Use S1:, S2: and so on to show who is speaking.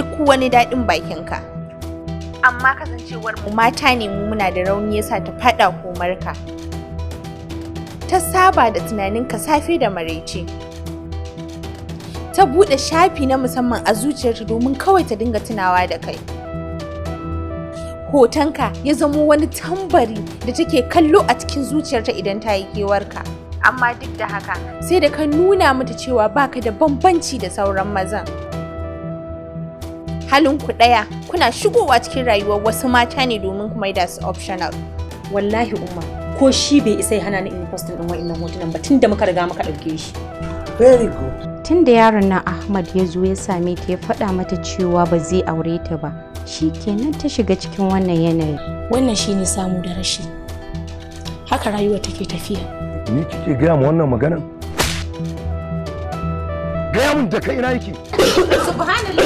S1: duk wani daɗin bakinka amma kasancewar mu mata ne mu muna da rauni yasa ta faɗa komarka ta saba da tunaninka safe da maraice ta buɗe shafi na musamman a zuciyarta domin kawai ta dinga tunawa da kai hotonka ya zamo wani tambari da take kallo a cikin zuciyarta idan ta yi kewarka amma duk da haka sai da ka nuna mata cewa baka da bambanci da sauran mazan. halin ku ɗaya kuna shigowa cikin rayuwar wasu mata ne domin ku da su optional
S2: wallahi umma ko shi bai isa ya hana ni in postin din wa'annan hotunan ba tunda muka riga muka ɗauke shi very good tunda yaron na Ahmad ya zo ya same ta ya faɗa mata cewa ba zai aure ta ba shi kenan ta shiga cikin wannan yanayi wannan shine samu da rashi haka rayuwa take tafiya
S3: ni kike gaya mu wannan maganar. gaya mun da kai ina yake
S1: subhanallah